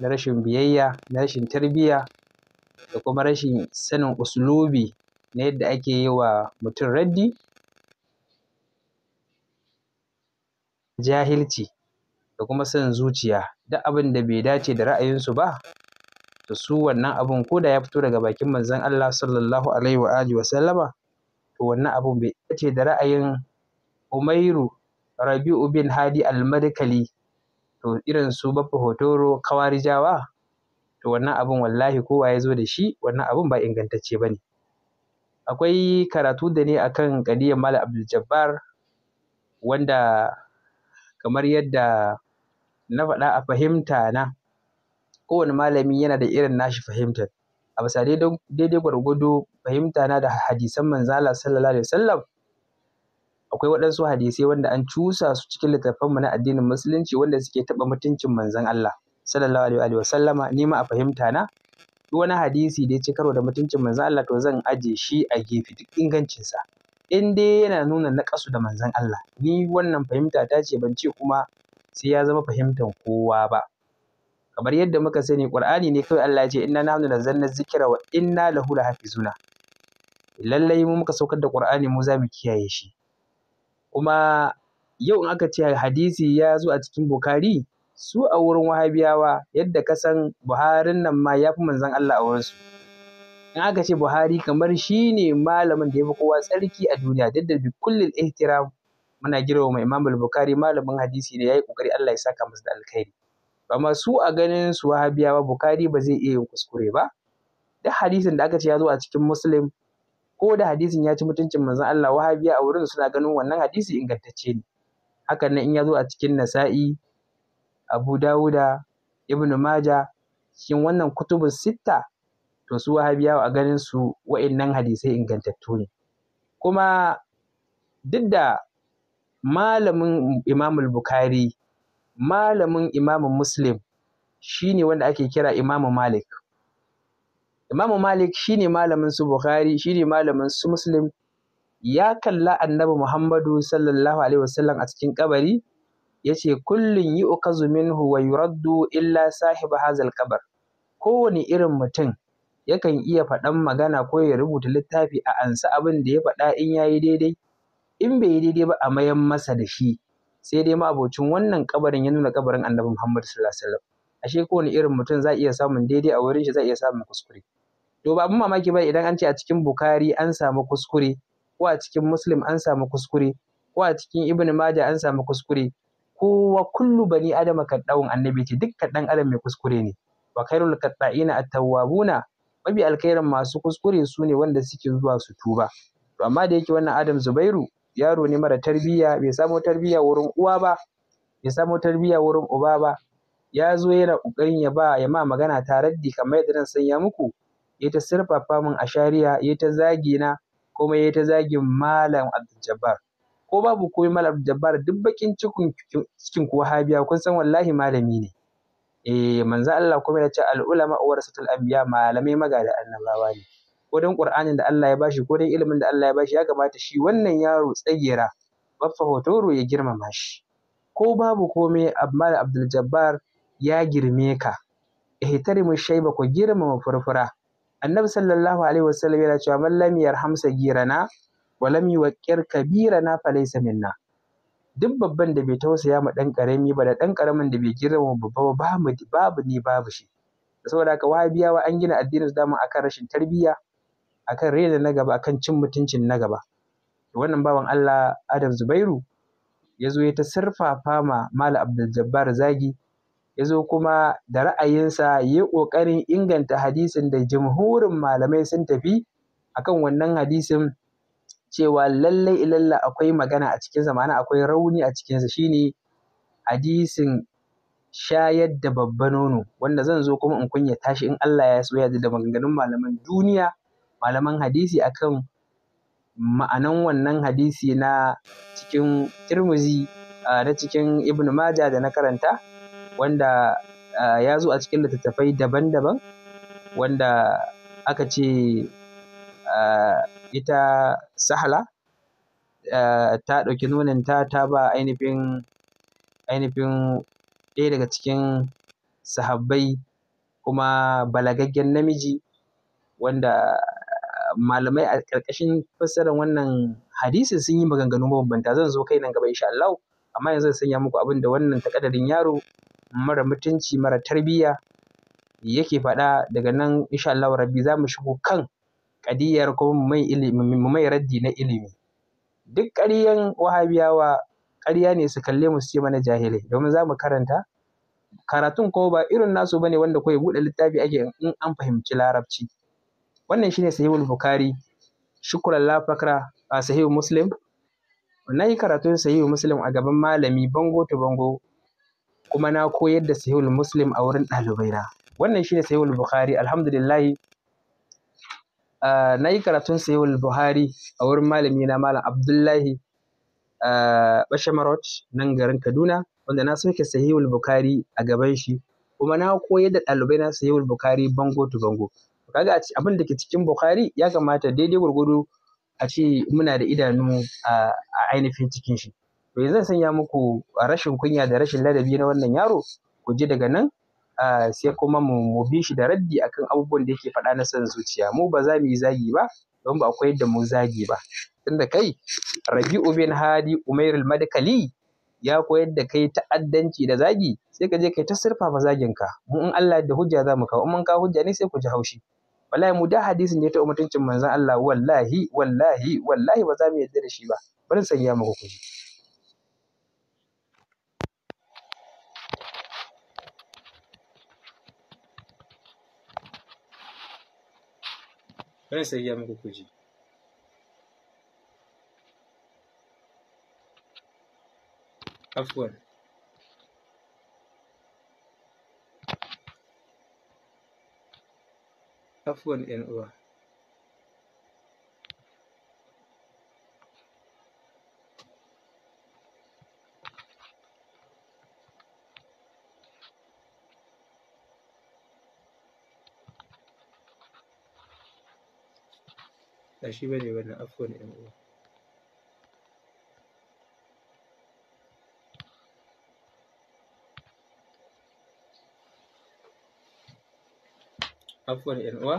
na rashin biyayya na rashin tarbiyya da kuma rashin sanin usulubi na yadda ake yi wa mutum raddi jahilci da kuma son zuciya duk abin da bai dace da ra'ayinsu ba to su wannan abun ko da ya fito daga bakin manzon Allah sallallahu alaihi wa alihi wa sallama to wannan abun bai dace da ra'ayin Umairu Rabi'u bin Hadi al-Madkali to irin su baffa hotoro kawarijawa to wannan abun wallahi kowa ya zo da shi wannan abun ba ingantacce ba ne akwai karatu da ne akan ƙadiyar malam abdul wanda kamar yadda na faɗa a fahimta na kowane malami yana da irin nashi fahimtar a bisa daidai gwargwado fahimta na da hadisan manzala sallallahu alaihi wasallam akwai waɗansu hadisai wanda an cusa su cikin littattafanmu na addinin musulunci wanda suke taɓa mutuncin manzon Allah sallallahu alaihi wa sallama ni ma a fahimta na duk wani hadisi da ya ci karo da mutuncin manzon Allah to zan aje shi a gefe duk ingancin sa in dai yana nuna nakasu da manzon Allah ni wannan fahimta ta ce ban ce kuma sai ya zama fahimtar kowa ba kamar yadda muka sani Qur'ani ne kawai Allah ya ce inna nahnu nazzalna dhikra wa inna lahu lahafizuna lallai mu muka saukar da Qur'ani mu za mu kiyaye shi Kuma yau in aka ce hadisi ya zo a cikin Bukhari, su a wurin Wahabiyawa yadda ka san Buharin nan ma ya fi manzon Allah a wurinsu. In aka ce Buhari kamar shi ne malamin da ya fi kowa tsarki a duniya duk da bi kullum ihtiram muna mai Imam Bukhari malamin hadisi ne yayi kokari Allah ya saka masa da alkhairi. Amma su a ganin su Wahabiyawa Bukhari ba zai iya yin kuskure ba. Duk hadisin da aka ce ya zo a cikin Muslim ko da hadisin ya ci mutuncin manzon Allah wahabiya a wurin suna ganin wannan hadisi ingantacce ne hakan nan in ya zo a cikin nasa'i abu dawuda ibnu maja cikin wannan kutubun sitta to su wahabiyawa a ganin su wa'annan hadisai ingantattu ne kuma duk da malamin imamul bukhari malamin Imamin muslim shine wanda ake kira imamu malik Imam Malik shi ne malamin su Bukhari shi ne malamin su Muslim ya kalla Annabi Muhammadu sallallahu alaihi wasallam a cikin kabari ce kullum yi ukazu minhu wa yuraddu illa sahib hazal kabar kowane irin mutum yakan iya faɗan magana ko ya rubuta littafi a ansa abin da ya faɗa in yayi daidai in bai yi daidai ba a mayan masa da shi sai dai ma'abocin wannan kabarin ya nuna kabarin Annabi Muhammad sallallahu alaihi wasallam ashe kowane irin mutum za iya samun daidai a wurin shi za iya samun kuskure to ba mamaki ba idan an ce a cikin Bukhari an samu kuskure ko a cikin muslim an samu kuskure ko a cikin ibn maja an samu kuskure kowa kullu bani adama kaddawun annabi ce duk dan adam mai kuskure ne wa khairul qatta'ina at-tawwabuna mabi alkhairin masu kuskure sune ne wanda suke zuwa su tuba to amma da yake wannan adam zubairu yaro ne mara tarbiyya bai samu tarbiyya wurin uwa ba bai samo tarbiyya wurin uba ba ya zo yana ƙoƙarin ya ba ya ma magana taraddi kamar yadda zan sanya muku ya ta sirfafa min a shari'a ya ta zagi na kuma ya ta zagin malam abdul ko babu komai malam abdul duk bakin cikin cikin ku habiya kun san wallahi malami ne eh manzo Allah kuma ya ce al ulama warasatul anbiya malamai magada annabawa ne ko dan qur'anin da Allah ya bashi ko dan ilimin da Allah ya bashi ya kamata shi wannan yaro tsagera baffa hotoro ya girmama shi ko babu komai malam abdul ya girme ka ihtarimu shaiba ku girmama furfura annabi sallallahu alaihi wasallam yana cewa man lam yarham sagirana wa lam yuwaqqir kabirana laysa minna duk babban da bai tausaya ma dan karami ba da dan karamin da bai girma babba ba mu babu ni babu shi saboda haka wahabiyawa an gina addinin mu akan rashin tarbiyya akan rena na gaba akan cin mutuncin na gaba wannan bawan Allah Adam Zubairu ya zo ya ta sirfafa ma Malam Abdul Jabbar zagi ya zo kuma da ra'ayinsa ya yi ƙoƙarin inganta hadisin da jimhurin malamai sun tafi akan wannan hadisin cewa lallai ilalla akwai magana a cikin zamana, akwai rauni a cikinsa shine hadisin shayar da babba nono wanda zan zo kuma in kunya tashi in Allah ya so ya da maganganun malaman duniya malaman hadisi akan ma'anan wannan hadisi na cikin Tirmizi na cikin Ibn Maja da na karanta wanda ah, ya zo a cikin littattafai daban-daban wanda aka ce ah, ita sahala ah, ta ɗauki nonanta ta ba ainihin ainihin ɗaya daga cikin sahabbai kuma balagaggen namiji wanda malamai a ƙarƙashin fassarar wannan hadisi sun yi maganganu mabambanta zan zo kai nan gaba insha Allah amma yanzu zan sanya muku abin da wannan takadarin yaro mara mutunci mara tarbiyya yake faɗa daga nan insha Allah rabbi za mu shigo kan ƙadiyar kuma mu mai ilimi mu mai raddi na ilimi duk ƙaryan wahabiyawa ƙarya ne su kalle mu su ce mana jahilai domin zamu karanta karatun ko ba irin nasu bane wanda ko ya buɗe littafi ake in an fahimci larabci wannan shine sahihul bukhari shukran la fakra a sahihul muslim na yi karatun sahihul muslim a gaban malami bango to bango kuma na koyar da sahihul muslim a wurin ɗalibaina wannan shine sahihul bukhari alhamdulillah na yi karatun sahihul bukhari a wurin malami na malam abdullahi bashamarot nan garin kaduna wanda na soke sahihul bukhari a gaban shi kuma na koyar da ɗalibaina sahihul bukhari bango to bango kaga abin da ke cikin bukhari ya kamata daidai gwargwado a ce muna da idanu a ainihin cikin shi me zan sanya muku rashin kunya da rashin ladabi na wannan yaro ku ji daga nan sai kuma mu bi shi da raddi akan abubuwan da yake faɗa na san zuciya mu ba za mu yi zagi ba don ba akwai yadda mu zagi ba tunda kai rabi'u bin hadi umairul madkali ya koyar da kai ta'addanci da zagi sai ka je kai ta surfafa zagin ka mu in Allah da hujja za mu kawo mun ka hujja ne sai ku ji haushi wallahi mu da hadisin ne ta mutuncin manzon Allah wallahi wallahi wallahi ba za mu yarda da shi ba bari sanya muku kuji bari sai ya muku kuji afwan afwan yan ba shi bane wannan afwan ƴan uwa afwan ƴan uwa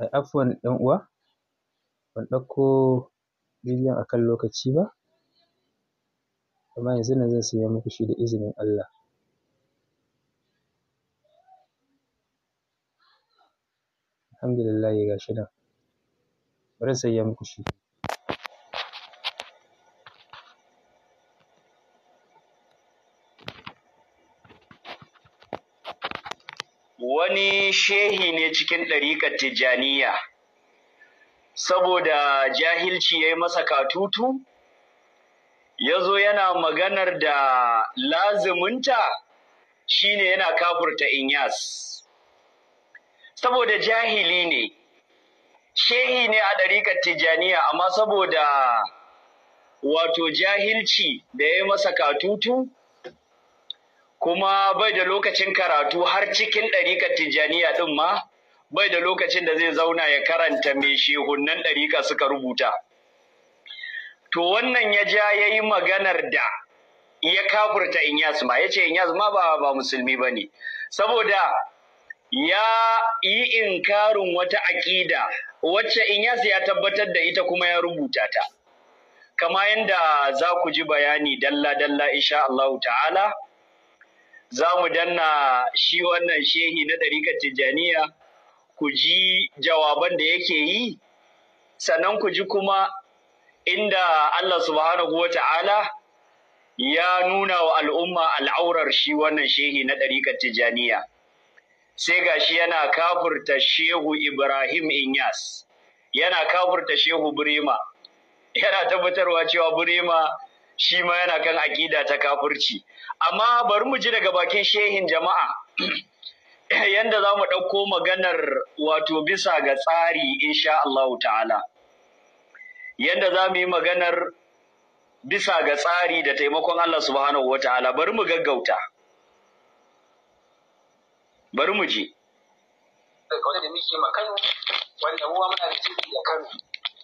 eh, afwan ƴan uwa ban ɗauko bidiyon akan lokaci ba amma yanzu nan zan siya muku shi da izinin Allah alhamdulillahi ga nan bari in siya muku shi wani shehi ne cikin ɗarikar tijjaniya saboda jahilci ya yi masa katutu ya zo yana maganar da lazuminta shine yana kafurta inyas saboda jahili ne shehi ne a ɗarikar tijaniya amma saboda wato jahilci da ya masa katutu kuma bai da lokacin karatu har cikin ɗarikar tijaniya ɗin ma bai da lokacin da zai zauna ya karanta mai shehunan ɗarika suka rubuta. to wannan ya ja ya yi maganar da ya kafurta Inyas ma ya ce Inyas ma ba ba musulmi ba ne saboda ya yi inkarin wata aƙida wacce Inyas ya tabbatar da ita kuma ya rubuta ta kama yadda za ku ji bayani dalla-dalla insha Allah ta'ala za mu danna shi wannan shehi na ɗarikar Tijjaniya ku ji jawaban da yake yi sannan ku ji kuma inda Allah subhanahu wa ta'ala ya nuna wa al'umma al'aurar shi wannan shehi na ɗariƙar Tijjaniya. Sai ga shi yana kafurta shehu Ibrahim Inyas, yana kafurta shehu Burema, yana tabbatarwa cewa Burema shi ma yana kan aƙida ta kafurci. Amma bari mu ji daga bakin shehin jama'a, yanda za mu ɗauko maganar wato bisa ga tsari, insha Allah ta'ala. yadda za mu yi maganar bisa ga tsari da taimakon Allah subhanahu wa ta'ala bari mu gaggauta bari mu ji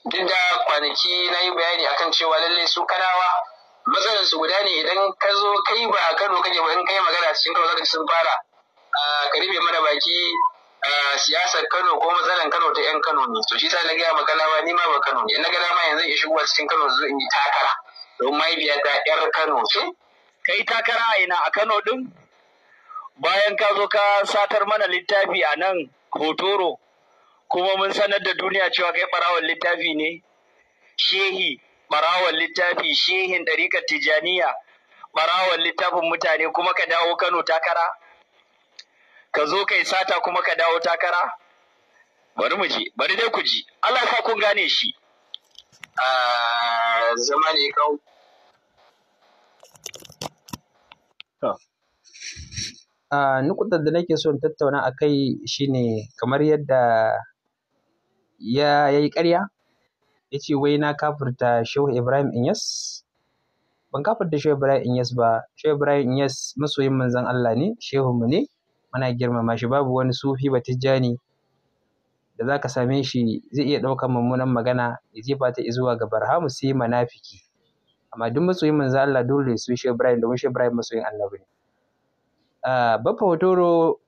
wanda kwanaki na yi bayani akan cewa lallai su kanawa matsalar su guda ne idan ka zo kai ba a kano kake ba in kai magana cikin kano zaka sun fara a ah, karibe mana baki Eh, siyasar Kano ko matsalar Kano ta 'yan Kano ne to shi sa na gaya ma Kalawa ni ma ba Kano ne in na ga dama yanzu in shigo cikin Kano zo in yi takara don ta 'yar Kano ce kai takara a ina a Kano din bayan ka zo ka satar mana littafi a nan hotoro kuma mun sanar da duniya cewa kai barawan littafi ne shehi barawan littafi shehin ɗarikar tijaniya barawan littafin mutane kuma ka dawo Kano takara ka zo kai sata kuma ka dawo takara bari mu je, bari dai ku ji Allah sa kun gane shi ah, zama ne kawo ah, nukutar da nake son tattauna a kai shi ne kamar yadda ya yi ƙarya ya ce wai na kafurta shehu ibrahim inyas ban kafurta shehu ibrahim inyas ba shehu ibrahim inyas masoyin manzan allah ne shehu mu ne muna girmama shi babu wani sufi ba tijjani da zaka same shi zai iya ɗaukan mummunan magana ya jefa ta zuwa ga barhamu sai manafiki amma duk masoyin manzo Allah dole su shi Ibrahim domin shi Ibrahim masoyin Allah ne ah, Baffa Hotoro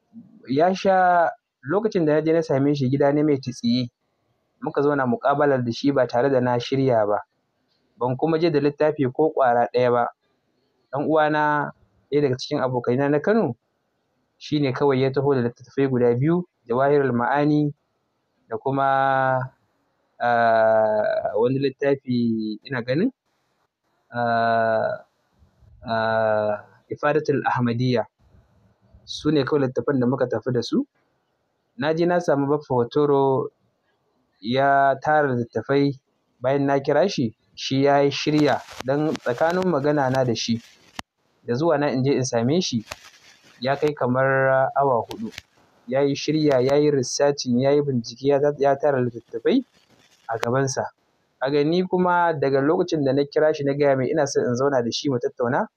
ya sha lokacin da na je na same shi gida ne mai titsiye muka zauna muƙabalar da shi ba tare da na shirya ba ban kuma je da littafi ko ƙwara ɗaya ba ɗan uwana ɗaya daga cikin abokaina na Kano shine kawai ya taho da littattafai guda biyu jawahirul ma'ani da kuma ah, wani littafi ina ganin ah, ah, ifadatul ahmadiyya su ne kawai littattafan da muka tafi da su na je na samu baffa hotoro ya tara littattafai bayan na kira shi shi ya shirya don tsakanin magana na da shi da zuwa na inje je in same shi ya kai kamar awa huɗu, ya yi shirya ya yi researching ya yi bincike ya tara littattafai a gabansa a gani kuma daga lokacin da na kira shi na gaya mai ina so in zauna da shi mu tattauna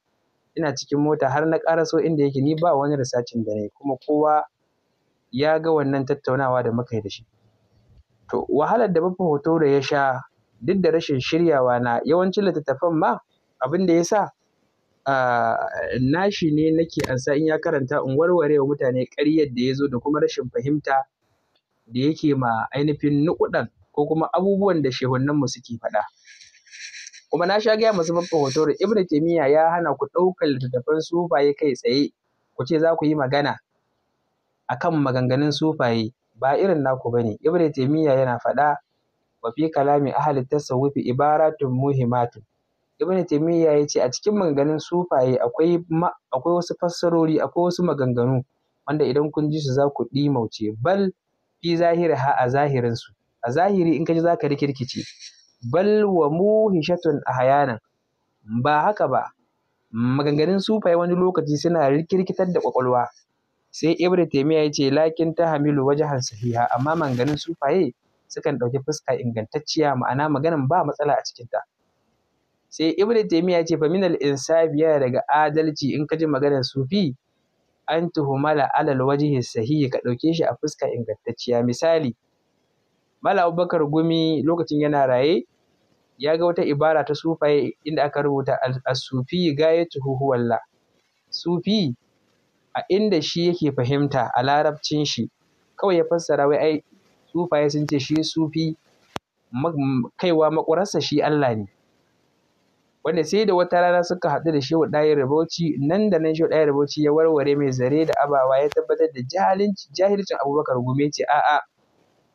ina cikin mota har na ƙara so inda yake ni ba wani risacin da na yi kuma kowa ya ga wannan tattaunawa da muka yi da shi to wahalar da babban hoto da ya sha duk da rashin shiryawa na yawancin littattafan ma abin da ya sa nashi ne nake ansa in ya karanta in warware wa mutane ƙaryar da ya zo da kuma rashin fahimta da yake ma ainihin nukuɗan ko kuma abubuwan da shehunanmu suke faɗa. Kuma na sha gaya masu babban hoto da Ibn Taymiyyah ya hana ku ɗaukar littattafan sufaye kai tsaye ku ce za ku yi magana akan maganganun sufaye ba irin naku bane Ibn Taymiyyah yana faɗa wa fi kalami ahli tasawufi ibaratun muhimmatun ibn taymiya ya ce a cikin maganganun sufaye akwai akwai wasu fassarori akwai wasu maganganu wanda idan kun ji su za ku ɗimauce bal fi zahiri ha a zahirinsu a zahiri in ka ji za ka rikirkice bal wa muhishatun nan. ba haka ba maganganun sufaye wani lokaci suna rikirkitar da kwakwalwa sai ibn taymiya ya ce lakin ta hamilu wajahan sahiha amma maganganun sufaye sukan ɗauki fuska ingantacciya ma'ana maganan ba matsala a cikinta sai ibnu taymiya ce fa minal insafi ya daga adalci in ka ji maganar sufi an tuhumala alal wajhi sahih ka dauke shi a fuska ingantacciya misali mala abubakar gumi lokacin yana raye ya ga wata ibara ta sufaye inda aka rubuta as-sufi gayatuhu walla. sufi a inda shi yake fahimta a larabcin shi kawai ya fassara wai ai sufaye sun ce shi sufi kaiwa makurarsa shi Allah ne wanda sai da wata rana suka haɗu da Shehu Ɗayar rabauci nan da nan Shehu Ɗayar rabauci ya warware mai zare da abawa ya tabbatar da jahilcin Abubakar Gume ce a'a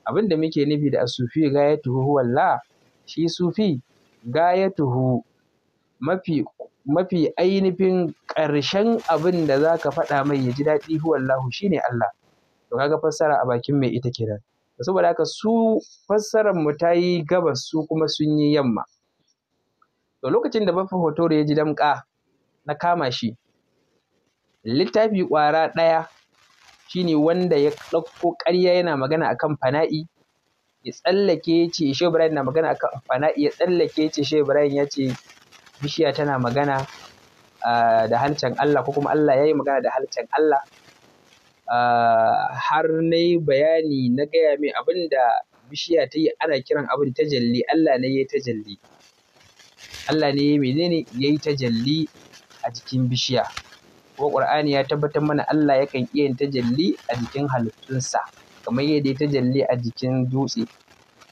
abin da muke nufi da asufi tuhu walla shi sufi gayatuhu mafi mafi ainihin karshen abin da za ka faɗa mai ya ji daɗi huwallahu shine Allah to kaga fassara a bakin mai ita kenan saboda haka su fassarar mu ta yi gabas su kuma sun yi yamma to lokacin da baffa hotoro ya ji damƙa na kama shi littafi ƙwara ɗaya shine wanda ya ɗauko ƙarya yana magana akan fana'i ya tsallake ya ce shehu ibrahim na magana akan fana'i ya tsallake ya ce shehu ibrahim ya ce bishiya tana magana da halcin allah ko kuma allah ya yi magana da halcin allah har na yi bayani na gaya mai abin da bishiya ta yi ana kiran abin tajalli allah ne ya yi tajalli Allah ne menene yi tajalli a jikin bishiya ko ƙur'ani ya tabbatar mana Allah yakan iya yin tajalli a jikin halittunsa kamar yadda ya tajalli a jikin dutse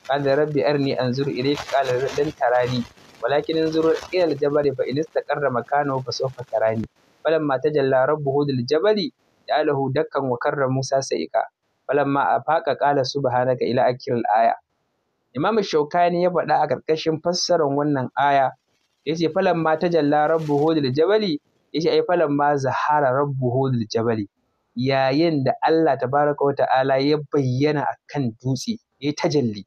qala rabbi arni anzur ilayka qala lan tarani walakin anzur ila al fa in istaqarra makanahu fa sawfa tarani falamma tajalla rabbuhu lil jabali ja'alahu dakkan wa karra musa sa'ika falamma afaqa qala subhanaka ila akhir al-aya Imam Shaukani ya faɗa a ƙarƙashin fassarar wannan aya yace falan ma tajalla rabbuhu lil jabali yace ai falan ma zahara rabbuhu lil jabali yayin da Allah tabaraka wa ta'ala ya bayyana akan dutse ya tajalli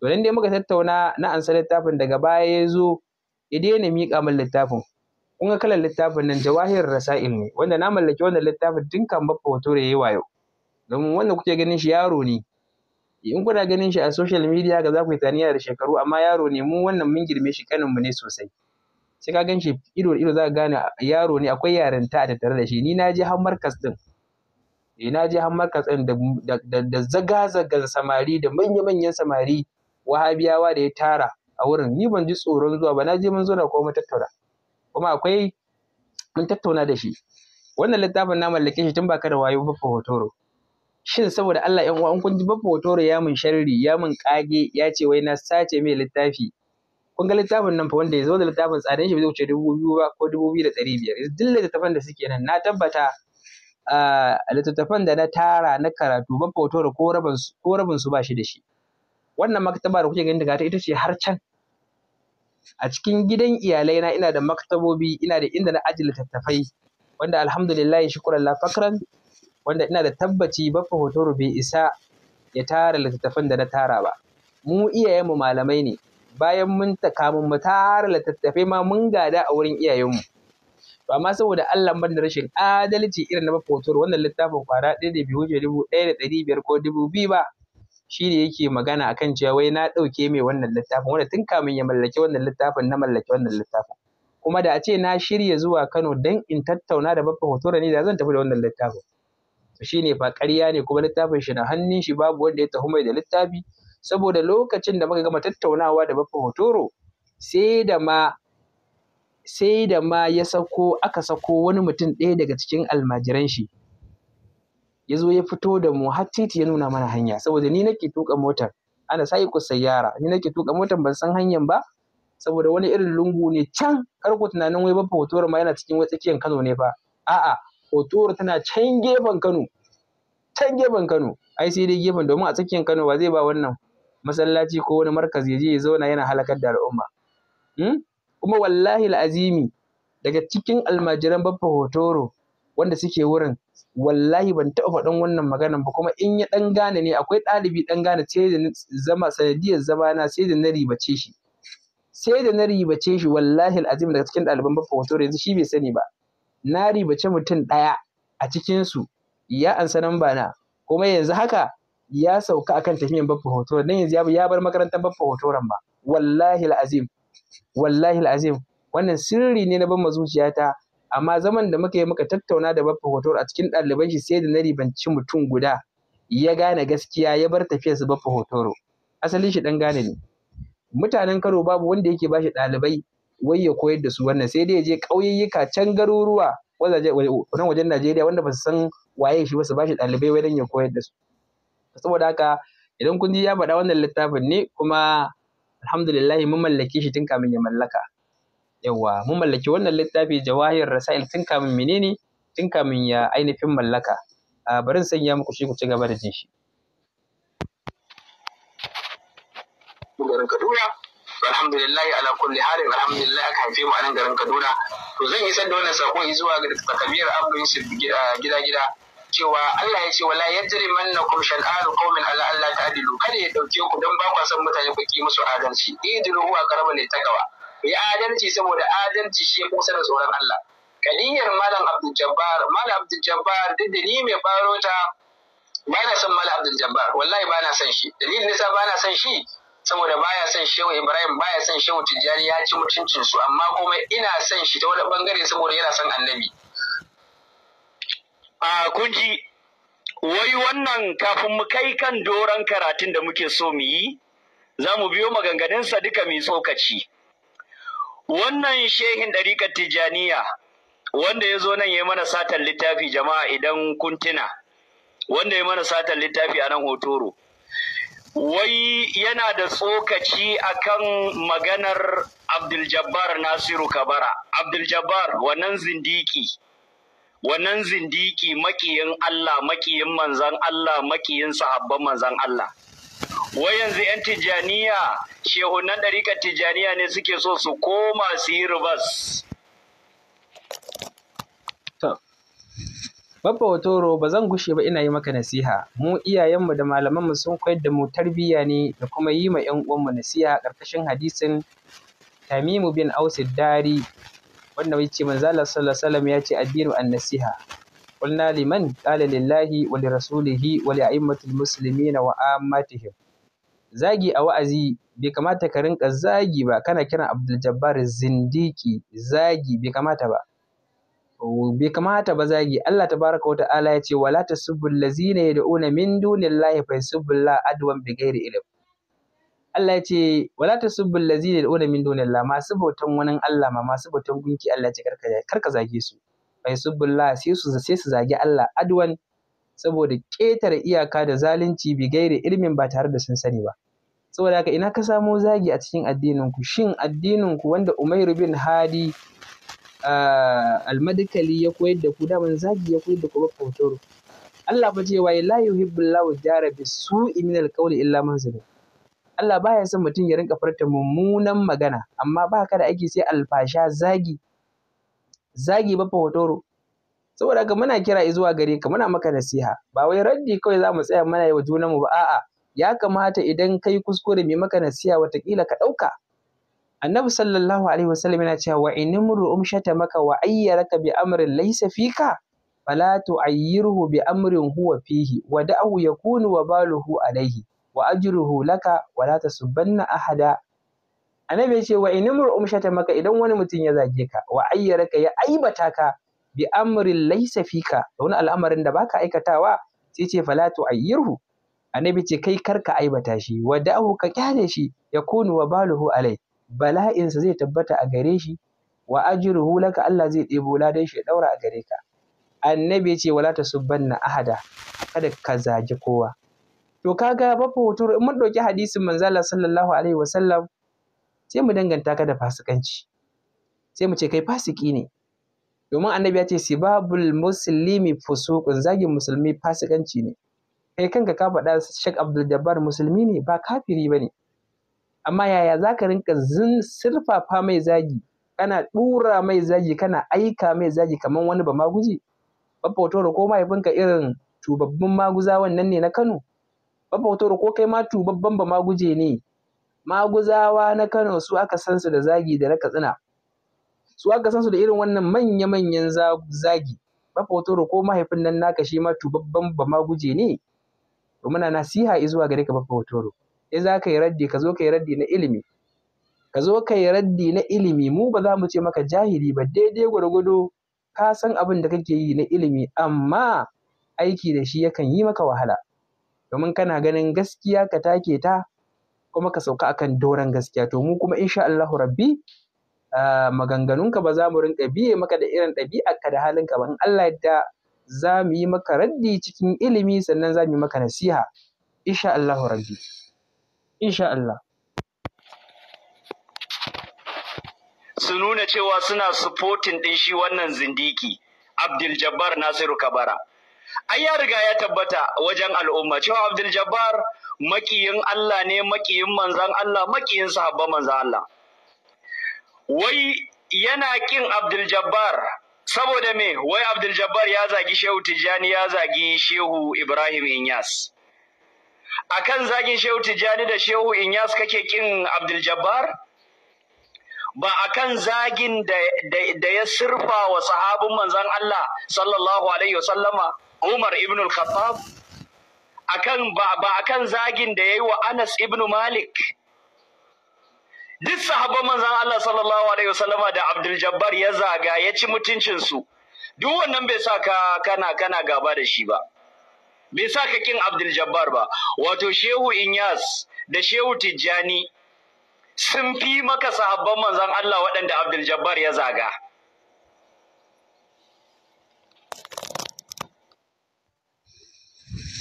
to nan dai muka tattauna na ansa littafin daga baya ya zo ya daina miƙa min littafin kun ga kalar littafin nan jawahir rasail ne wanda na mallaki wannan littafin dukkan babba hoto da yayi wayo don wanda kuke ganin shi yaro ne in kuna ganin shi a social media ga za ku yi taniya da shekaru amma yaro ne mu wannan mun girme shi kaninmu ne sosai sai ka gan shi ido ido za ka gane yaro ne akwai yarinta a tattare da shi ni na je har markas din eh na je har markas din da da zaga zaga samari da manya manyan samari wahabiyawa da ya tara a wurin ni ban ji tsoron zuwa ba na je mun zauna tattauna kuma akwai mun tattauna da shi wannan littafin na mallake shi tun ba ka da wayo ba fa hotoro shin saboda Allah ƴan uwa in kun ji babba hotoro ya mun sharri ya mun kage ya ce wai na sace mai littafi kun ga littafin nan fa wanda ya zo da littafin tsadan shi bai wuce dubu biyu ba ko dubu biyu da ɗari biyar duk littattafan da suke nan na tabbata a littattafan da na tara na karatu babba hotoro ko rabin ko rabin su ba shi da shi wannan maktaba da kuke gani daga ta ita ce har can a cikin gidan iyalai na ina da maktabobi ina da inda na ajiye littattafai wanda alhamdulillah shukran la fakran wanda ina da tabbaci baffa hotoro bai isa ya tara littattafan da na tara ba mu iyayenmu malamai ne bayan mun kamun mu tara littattafai ma mun gada a wurin iyayenmu to amma saboda Allah ban rashin adalci irin na baffa hotoro wannan littafin kwara ɗaya da dubu ɗaya da ɗari biyar ko dubu biyu ba shi ne yake magana akan cewa wai na ɗauke mai wannan littafin wanda tun kamin ya mallaki wannan littafin na mallaki wannan littafin kuma da a ce na shirya zuwa Kano don in tattauna da babban hotoro ne da zan tafi da wannan littafin ne fa ƙarya ne kuma littafin shi na hannun shi babu wanda ya mai da littafi saboda lokacin da muka gama tattaunawa da Baffa Hotoro sai da ma sai da ma ya sako aka sako wani mutum ɗaya daga cikin almajiran shi ya zo ya fito da mu har titi ya nuna mana hanya saboda ni nake tuka motar ana sai ku sayyara ni nake tuka motar ban san hanyar ba saboda wani irin lungu ne can kar ku tunanin wai Baffa Hotoro ma yana cikin wai tsakiyar Kano ne fa a'a hotuwar tana can gefen Kano can gefen Kano ai sai dai gefen domin a tsakiyar Kano ba zai ba wannan masallaci ko wani markazi ya je ya zauna yana halakar da al'umma hmm? kuma wallahi al'azimi daga cikin almajiran babba hotoro wanda suke wurin wallahi ban taɓa faɗin wannan maganan ba kuma in ya ɗan gane ne akwai ɗalibi ɗan gane sai da zama sanadiyar zama na sai da na ribace shi sai da na ribace shi wallahi al'azimi daga cikin ɗaliban babba hotoro yanzu shi bai sani ba na ribace mutum ɗaya a cikinsu ya ansa ba na kuma yanzu haka ya sauka akan tafiyan babba hoto dan yanzu ya bar makarantar babba hoto ran ba wallahi azim wallahi azim wannan sirri ne na ban zuciyata amma zaman da muka yi muka tattauna da babba hoto a cikin ɗaliban shi sai da na ribanci mutum guda ya gane gaskiya ya bar tafiyar su babba hoto. asalin shi dan gane ne mutanen karo babu wanda yake bashi ɗalibai wai ya koyar da su wannan sai dai ya je ƙauyayyuka can garuruwa wajen wajen Najeriya wanda ba su san waye shi ba su ba shi ɗalibai wai dan ya koyar da su saboda haka idan kun ji ya faɗa wannan littafin ne kuma alhamdulillah mun mallake shi tun kamin ya mallaka yawa mun mallaki wannan littafi jawahir rasail tun kamin menene tun kamin ya ainihin mallaka bari sanya muku shi ku ci gaba da jin shi Kaduna alhamdulillah ala kulli halin alhamdulillah aka haife mu a nan garin Kaduna to zan isar da wannan sako zuwa ga takabiyar Abdul Yusuf gida gida cewa Allah ya ce wala yajri mannakum shan'an qaumin ala alla ta'dilu kada ya dauke ku dan ba ku san mutane ku ki musu adalci idilu huwa karba ne takawa ku yi adalci saboda adalci shi ya kusa da tsoron Allah kaliyar malam Abdul Jabbar malam Abdul Jabbar duk da ni mai baro ba na son malam Abdul Jabbar wallahi ba son shi dalilin nisa bana son shi saboda baya son shehu ibrahim baya son shehu tijjani ya ci mutuncin su amma kuma ina son shi ta wani bangare saboda yana son annabi a kunji wai wannan kafin mu kai kan doron karatun da muke so mu yi za mu biyo maganganunsa duka mai tsokaci wannan shehin ɗariƙar tijjaniya wanda ya zo nan ya mana satan littafi jama'a idan kun wanda ya mana satan littafi a nan hotoro wai yana da tsokaci akan maganar Abdul-Jabbar Nasiru Kabara. Abdul-Jabbar wannan zindiki, wannan zindiki makiyin Allah, makiyin manzan Allah, makiyin sahabban manzan Allah. Wai yanzu 'yan Tijaniya shehunan ɗarikar Tijjaniya ne suke so su koma su yi Babba Watoro ba zan gushe ba ina yi maka nasiha. Mu iyayenmu da malamanmu sun koyar da mu tarbiyya ne da kuma yi ma 'yan uwanmu nasiha ƙarƙashin hadisin Tamimu bin Ausid Dari wanda ya ce manzo Allah sallallahu ya ce addinu an-nasiha. Qulna liman qala lillahi wa li rasulihi wa li a'immatil muslimina wa ammatihim. Zagi a wa'azi bai kamata ka rinka zagi ba kana kiran Abdul Jabbar zindiki zagi bai kamata ba. bai kamata ba zagi Allah tabaraka wa ta'ala ya ce wala tasubbul lazina yad'una min dunillahi fa yasubbullah adwan bighairi ilm Allah ya ce wala tasubbul lazina yad'una min dunillahi masu bautan wani Allah ma masu bautan gunki Allah ya ce karka zage su fa yasubbullah sai su sai su zagi Allah adwan saboda ƙetare iyaka da zalunci bighairi ilmin ba tare da sun sani ba saboda haka ina ka samo zagi a cikin addinin ku shin addinin ku wanda Umayr bin Hadi almadikali ya koyar da ku daman zagi ya koyar da ku ba kotoro Allah ba wai la yuhibbu Allahu jara bi su'i min alqawli illa man zina? Allah baya son mutum ya rinka furta mummunan magana amma ba ka da ake sai alfasha zagi zagi ba hotoro saboda haka muna kira zuwa gare ka muna maka nasiha ba wai raddi kawai za mu tsaya mana yi wa junanmu ba a'a ya kamata idan kai kuskure mai maka nasiha watakila ka ɗauka annabi sallallahu alaihi wasallam yana cewa wa in umshata maka wa ayyaraka bi amrin laysa fika fala tu'ayyirhu bi amrin huwa fihi wa da'ahu yakunu wa baluhu alaihi wa ajruhu laka wa la tasubbanna ahada annabi ya ce wa in umshata maka idan wani mutum ya zage ka wa ayyaraka ya aibata ka bi amrin laysa fika da wani al'amarin da baka aikatawa sai ce fala tu'ayyirhu annabi ce kai karka aibata shi wa da'ahu ka kyale shi yakunu wa baluhu alaihi bala'insa zai tabbata a gare shi wa ajruhu laka Allah zai ɗebo ladan shi ya ɗaura a gare ka annabi ya ce wala tasubbanna ahada kada ka zagi kowa to kaga babu hoto mun ɗauki hadisin manzo Allah sallallahu alaihi wasallam sai mu danganta ka da fasikanci sai mu ce kai fasiki ne domin annabi ya ce sibabul muslimi fusuqun zagin musulmi fasikanci ne kai kanka ka faɗa Sheikh Abdul Jabbar musulmi ne ba kafiri bane amma yaya za ka rinka zin sirfafa mai zagi kana ɗura mai zagi kana aika mai zagi kamar wani ba maguji babba wato ko mahaifinka irin tubabbin maguza wannan ne na kano babba wato ko kai ma tubabban ba maguje ne maguzawa na kano su aka san su da zagi da raka tsina su aka san su da irin wannan manya-manyan zagi babba wato ko mahaifin nan naka shi ma tubabban ba maguje ne to muna nasiha zuwa gare ka babba wato in za ka yi raddi ka zo ka yi raddi na ilimi ka zo ka yi raddi na ilimi mu ba za mu ce maka jahili ba daidai gwargwado ka san abin da kake yi na ilimi amma aiki da shi yakan yi maka wahala domin kana ganin gaskiya ka take ta kuma ka sauka akan doron gaskiya to mu kuma insha Allahu rabbi maganganunka ba za mu rinka biye maka da irin ɗabi'arka da halin ka ba in Allah yadda za mu yi maka raddi cikin ilimi sannan za mu yi maka nasiha insha Allahu rabbi insha Allah su nuna cewa suna supporting din shi wannan zindiki Abdul Jabbar Nasiru Kabara ai ya riga ya tabbata wajen al'umma cewa Abdul Jabbar makiyin Allah ne makiyin manzan Allah makiyin sahabban manzan Allah wai yana kin Abdul Jabbar saboda me wai Abdul Jabbar ya zagi Shehu Tijjani ya zagi Shehu Ibrahim Inyas akan zagin shehu tijjani da shehu inyas kake kin abdul jabbar ba akan zagin da ya sirfa wa sahabin Manzan Allah sallallahu alaihi wasallama Umar ibn al-Khattab ba a akan zagin da ya yi wa Anas ibn Malik duk sahabban Manzan Allah sallallahu alaihi wasallama da Abdul Jabbar ya zaga ya ci mutuncinsu, duk wannan bai sa ka kana kana gaba da shi ba bai sa ka kin Abdul Jabbar ba wato Shehu Inyas da Shehu Tijjani sun fi maka sahabban manzon Allah waɗanda Abdul Jabbar ya zaga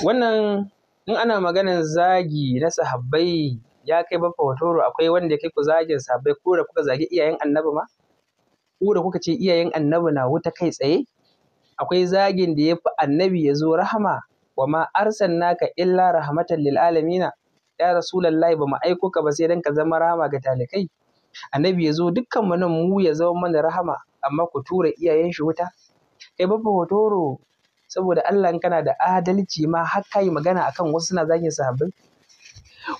wannan in ana maganar zagi na sahabbai ya kai bafa hotoro akwai wanda ya kai ku zagin sahabbai ko da kuka zagi iyayen annabi ma Ko da kuka ce iyayen annabi na wuta kai tsaye akwai zagin da ya fi annabi ya zo rahama wa ma naka illa rahmatan lil alamin ya rasulullahi ba mu aiko ka ba sai dan ka zama rahama ga talikai annabi ya zo dukkan mu nan mu ya zama mana rahama amma ku tura iyayen shi wuta kai babba hotoro saboda Allah kana da adalci ma har kai magana akan wasu suna zagin sahabbai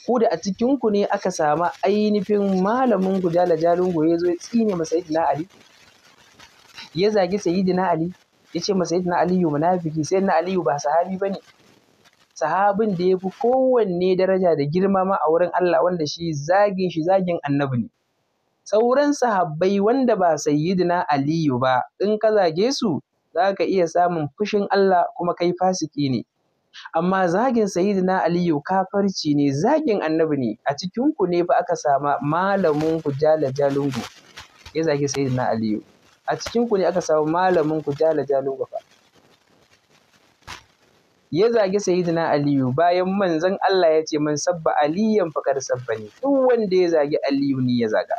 ku da a cikin ku ne aka samu ainihin malamin ku jala jalungo ya zo ya tsine masa sayyidina ali ya zagi sayyidina ali ya ce masa sayyidina aliyu munafiki sayyidina aliyu ba sahabi bane sahabin da ya fi kowanne daraja da girma ma a wurin Allah wanda shi zagin shi zagin annabi ne sauran sahabbai wanda ba sayyidina aliyu ba in ka zage su zaka iya samun fushin Allah kuma kai fasiki ne amma zagin sayyidina aliyu kafarci ne zagin annabi ne a cikin ku ne fa aka sama malamin ku jala jalungu ya zagi sayyidina aliyu a cikin ku ne aka samu malamin ku jala jalo gafa ya zagi sayyidina aliyu bayan manzon Allah ya ce man sabba aliyan faqad sabbani duk wanda ya zagi aliyu ne ya zaga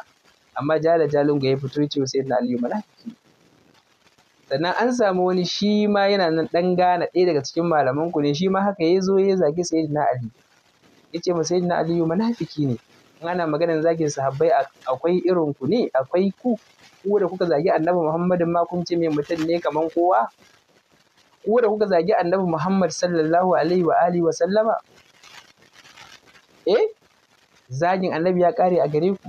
amma jala jalo ga ya fito ya ce sayyidina aliyu malaki sannan an samu wani shi ma yana nan dan gana ɗaya daga cikin malaman ku ne shi ma haka ya zo ya zagi sayyidina aliyu ya ce ma sayyidina aliyu manafiki ne in ana maganar zagin sahabbai akwai irin ku ne akwai ku ku da kuka zagi annabi Muhammadin ma kun ce mai mutum ne kaman kowa ku da kuka zagi annabi Muhammad sallallahu alaihi wa alihi wa sallama eh zagin annabi ya kare a gare ku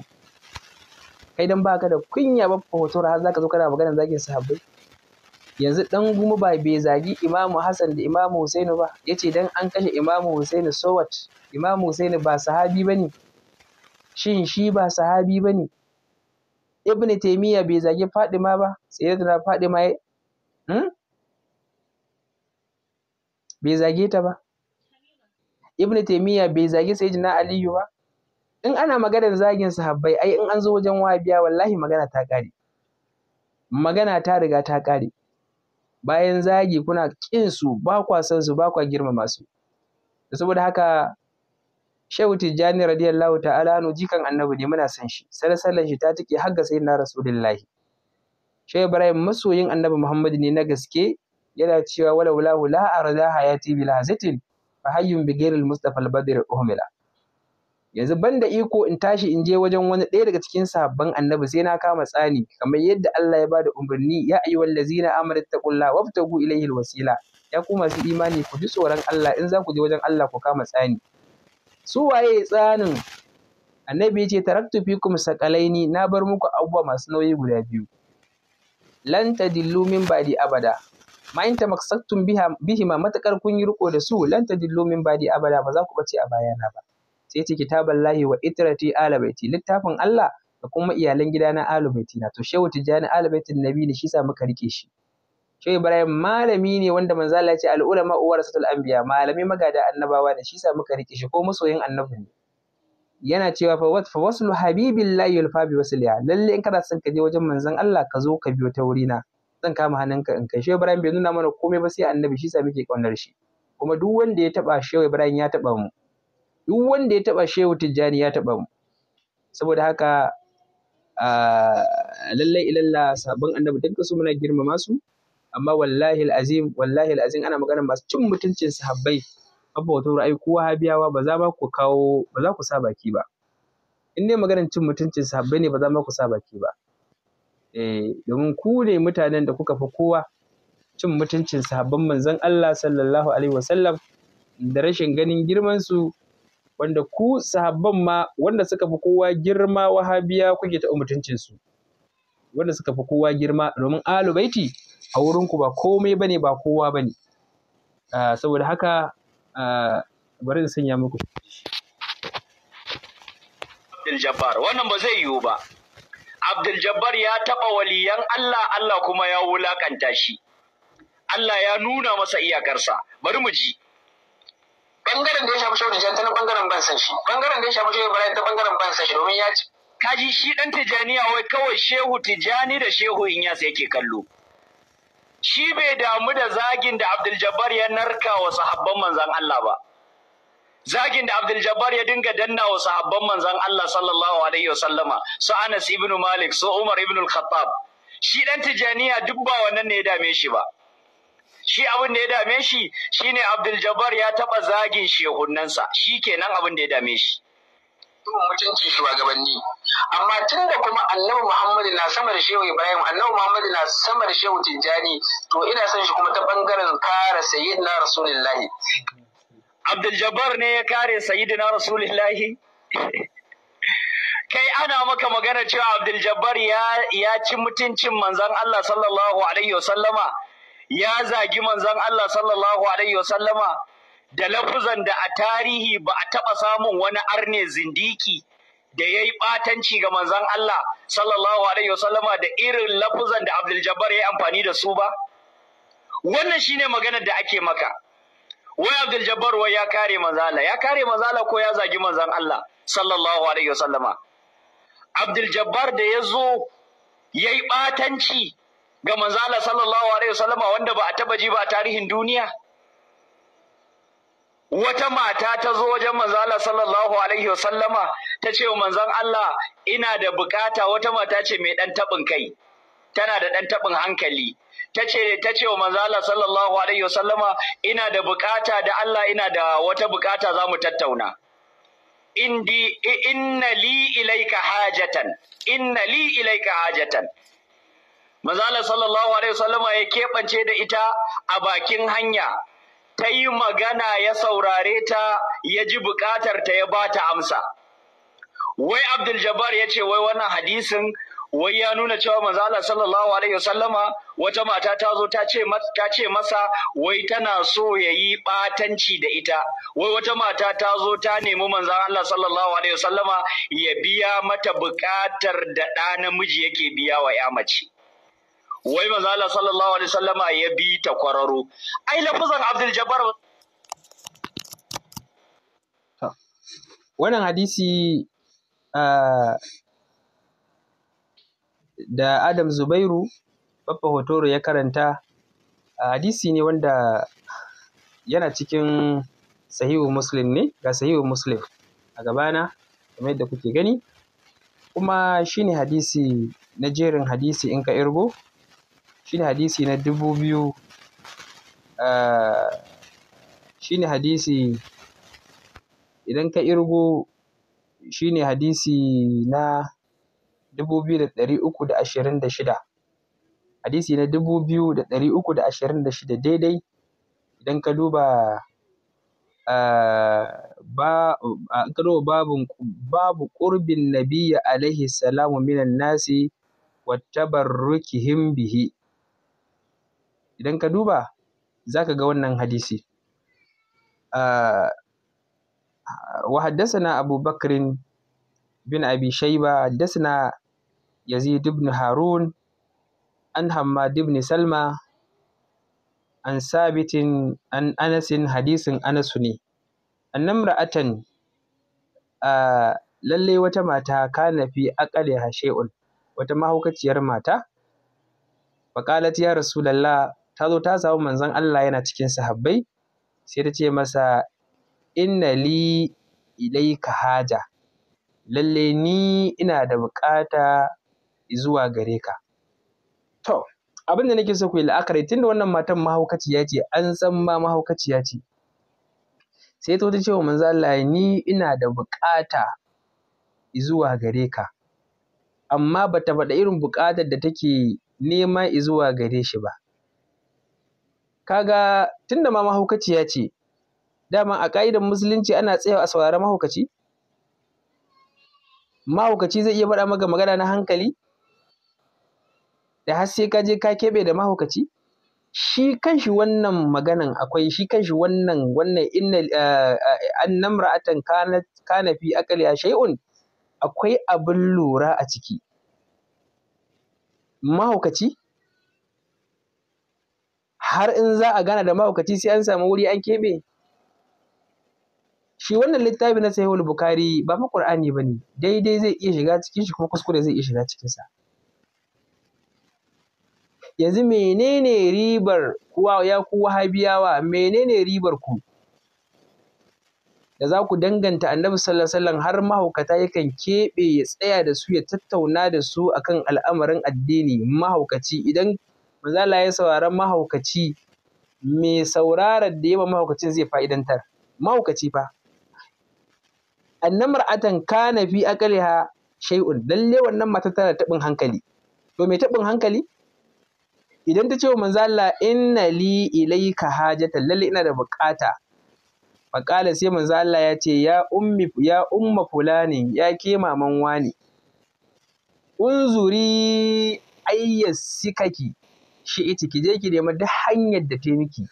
kai dan baka da kunya ba hotora har zaka zo kana magana zagin sahabbai yanzu dan gumu ba bai zagi imamu hassan da imamu Hussein ba yace ce dan an kashe imamu Hussein sowat imamu Hussein ba sahabi ba shin shi ba sahabi bane ne ibn taymiya bai zagi fadima ba sai da fadima ya hmm? bai zage ta ba ibn taymiya bai zagi sayyidina aliyu ba in ana maganar zagin sahabbai ai in an zo wajen wahabiya wallahi magana ta kare magana ta riga ta kare bayan zagi kuna kin su ba kwa san su ba kwa girmama su saboda haka Shehu Tijjani radiyallahu ta'ala anu jikan annabi ne muna san shi sallan shi ta tike har ga sayyidina rasulullahi Shehu Ibrahim masoyin annabi Muhammad ne na gaske yana cewa wala wala la arda hayati bil hazatin fa hayyun bi ghairil mustafa al badr uhmila yanzu banda iko in tashi in je wajen wani ɗaya daga cikin sahabban annabi sai na kama tsani kamar yadda Allah ya bada umarni ya ayyuhal ladzina amanu taqullaha wabtagu ilayhi al wasila ya ku masu imani ku ji tsoron Allah in za ku je wajen Allah ku kama tsani su waye tsanin annabi ya ce taraktu fikum sakalaini na bar muku abubuwa masu nauyi guda biyu lan tadillu min ba'di abada ma in bihi bihima matakar kun yi riko da su lan tadillu min ba'di abada ba za ku bace a bayana ba sai ce kitaballahi wa itrati ala baiti littafin Allah da kuma iyalan gidana alu na to shehu tijani alubaitin nabi ne shi sa muka rike shi Shehu Ibrahim malami ne wanda manzo Allah ya ce al-ulama warasatul anbiya malami magada annabawa ne shi sa muka rike shi ko masoyin annabi ne yana cewa fa fa waslu habibillahi yulfa bi wasliya lalle in kana son ka je wajen manzon Allah ka zo ka biyo ta wuri na, zan kama hannunka in kai Shehu Ibrahim bai nuna mana komai ba sai annabi shi sa muke kaunar shi kuma duk wanda ya taba Shehu Ibrahim ya taba mu duk wanda ya taba Shehu Tijjani ya taba mu saboda haka ah, lallai ilalla sabon annabi dukkan su muna girmama su amma wallahi azim wallahi azim ana magana masu cin mutuncin sahabbai abba wato ra'ayi ko wahabiyawa ba za ba ku kawo ba za ku sa baki ba in ne maganar cin mutuncin sahabbai ne ba za ma ku sa baki ba eh domin ku ne mutanen da kuka fi kowa cin mutuncin sahabban manzon Allah sallallahu alaihi wasallam da rashin ganin girman su wanda ku sahabban ma wanda suka fi kowa girma wahabiya kuke ta mutuncin su wanda suka fi kowa girma domin alubaiti a wurinku ba komai bane ba kowa bane ah, saboda haka ah, bari in sanya muku Abdul Jabbar wannan ba zai yiwu ba Abdul Jabbar ya taɓa waliyan Allah Allah kuma ya wulakanta shi Allah ya nuna masa iyakarsa bari mu ji bangaren da ya shafi shehu jan ta bangaren ban san shi bangaren da ya shafi shehu ibrahim ta bangaren ban san shi domin ya ci kaji shi dan tijaniya wai kawai shehu tijani da shehu in yasa yake kallo shi bai damu da zagin da Abdul Jabbar ya narka wa sahabban manzan Allah ba zagin da Abdul Jabbar ya dinga danna wa sahabban manzon Allah sallallahu alaihi wasallama su Anas ibn Malik su Umar ibn al-Khattab shi ɗan tijaniya duk ba wannan ne ya dame shi ba shi abin da ya dame shi shine Abdul Jabbar ya taɓa zagin shehunnansa shikenan abin da ya dame shi kuma mutuncin shugabanni amma tunda kuma annabi muhammadu na sama da shehu ibrahim annabi muhammadu na sama da shehu tijjani to ina son shi kuma ta bangaren kare sayyidina rasulullahi abdul jabbar ne ya kare sayyidina rasulullahi kai ana maka magana cewa abdul jabbar ya ya ci mutuncin manzan Allah sallallahu alaihi wasallama ya zagi manzan Allah sallallahu alaihi wasallama da lafuzan da a tarihi ba a taɓa samun wani arne zindiki da ya yi ɓatanci ga manzan Allah sallallahu alaihi wasallama da irin lafuzan da Abdul Jabbar ya yi amfani da su ba? Wannan shi ne maganar da ake maka. Wai Abdul Jabbar wai ya kare manzan Allah, ya kare manzan Allah ko ya zagi manzan Allah sallallahu alaihi wasallama. Abdul Jabbar da ya zo ya yi ɓatanci ga manzan Allah sallallahu alaihi wasallama wanda ba a taɓa ji ba a tarihin duniya. wata mata ta zo wajen manzo Allah sallallahu alaihi wa sallama ta ce wa manzon Allah ina da bukata wata mata ce mai dan tabin kai tana da dan tabin hankali ta ce ta ce wa manzo Allah sallallahu alaihi wa sallama ina da bukata da Allah ina da wata bukata za mu tattauna indi inna li ilaika hajatan inna li ilaika hajatan manzo Allah sallallahu alaihi sallama ya kebance da ita a bakin hanya ta yi magana ya saurare ta ya ji bukatar ta ya bata amsa wai abdul jabbar ya ce wai wannan hadisin wai ya nuna cewa manzo sallallahu alaihi wasallama wata mata ta zo ta ce masa wai tana so ya yi batanci da ita wai wata mata ta zo ta nemi manzan Allah sallallahu alaihi wasallama ya biya mata bukatar da ɗa namiji yake biya wa ya mace wai manzo Allah sallallahu alaihi wasallama ya bi ta kwararo ai lafuzan Abdul Jabbar wannan hadisi da Adam Zubairu babba Hotoro ya karanta hadisi ne wanda yana cikin sahihu muslim ne ga sahihu muslim a gabana kamar yadda kuke gani kuma shine hadisi na jerin hadisi in ka irgo shine hadisi na dubu biyu eh, shine hadisi idan ka irgo shine hadisi na dubu biyu da ɗari uku da ashirin da shida hadisi na dubu biyu da ɗari uku da ashirin da shida daidai idan ka duba eh, ba babun babu ƙurbin nabiyyi alaihi salamu minan nasi wa tabarrukihim bihi idan ka duba za ka ga wannan hadisi ah, wa haddasana abubakrin bin abi shaiba haddasana yazid ibn harun an hammad ibn salma an sabitin an anasin hadisin anasu ne annan ra'atan ah, lallai wata mata kana fi aqali hashe'un wata mahaukaciyar mata faqalat ya rasulullah ta zo ta samu manzon Allah yana cikin sahabbai sai ta ce masa inna li ilaika haja lalle ni ina da buƙata zuwa gare ka to abin da nake so ku yi la'akari tunda wannan matan mahaukaciya ce an san ma mahaukaciya ce sai ta ce wa manzon Allah ni ina da bukata zuwa gare ka amma bata faɗa irin buƙatar da take nema zuwa gare shi ba kaga tunda ma mahaukaciya ce dama a ƙa'idar musulunci ana tsayawa a saurari mahaukaci mahaukaci zai iya faɗa maka magana na hankali da har sai ka je ka keɓe da mahaukaci shi kanshi wannan maganan akwai shi kanshi wannan wannan inna eh, eh, namra atan kana fi aqliha shay'un akwai abin lura a ciki mahaukaci har in za a gana da mahaukaci sai an samu wuri an keɓe shi wannan littafi na sahihul bukari ba fa qur'ani bane daidai zai iya shiga cikin shi kuma kuskure zai iya shiga cikin sa yanzu menene ribar kuwa ya ku wahabiyawa menene ribar ku da za ku danganta annabi sallallahu alaihi wasallam har mahaukata yakan keɓe ya tsaya da su ya tattauna da su akan al'amarin addini mahaukaci idan manzo Allah ya sauraron mahaukaci mai sauraron da yawan mahaukacin zai fa'idantar mahaukaci fa annamar atan kana fi aqliha shay'un lalle wannan mata tana tabin hankali to me tabin hankali idan ta ce wa manzo Allah inna li ilayka hajata, lalle ina da bukata faqala sai manzo Allah ya ce ya ummi ya umma fulani ya ke maman wani unzuri ayyasikaki Shi ita ki je ki nemi duk hanyar da ta miki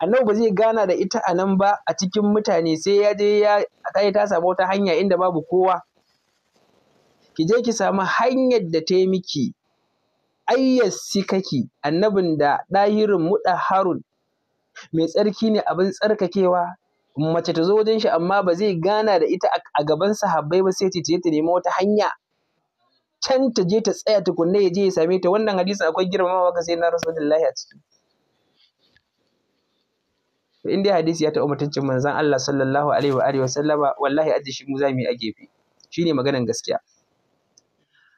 annabi ba zai gana da ita a nan ba a cikin mutane sai ya je ya ta samu wata hanya inda babu kowa ki je ki samu hanyar da ta miki sikaki, kaki annabin da ɗahirin muɗa harun mai tsarki ne abin tsarkakewa mace ta zo wajen shi amma ba zai gana da ita a gaban sahabbai ba sai ta nemi wata hanya can ta je ta tsaya tukunna ya je ya same ta wannan hadisi akwai girmamawa ga sai na rasulullahi a ciki in dai hadisi ya taɓa mutuncin manzon Allah sallallahu alaihi wa alihi wa sallama wallahi aje shi mu za mu yi a gefe shine maganan gaskiya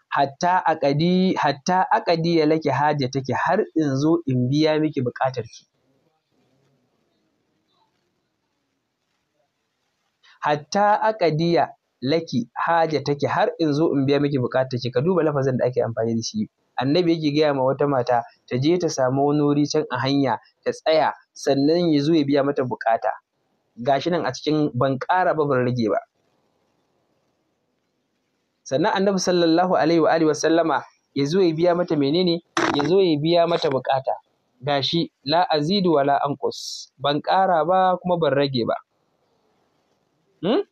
hatta aqadi hatta aqadi ya laki haja take har in zo in biya miki buƙatar ki hatta aqadiya laki haja take har in zo in biya miki bukatar ki ka duba lafazin da ake amfani da shi annabi yake gaya ma wata mata ta je ta samu wani wuri can a hanya ta tsaya sannan ya zo ya biya mata bukata gashi nan a cikin ban ƙara ba ban rage ba sannan annabi sallallahu alaihi wa alihi wasallama ya zo ya biya mata menene ya zo ya biya mata bukata gashi la azidu wala anqus ban ƙara ba kuma ban rage ba hmm?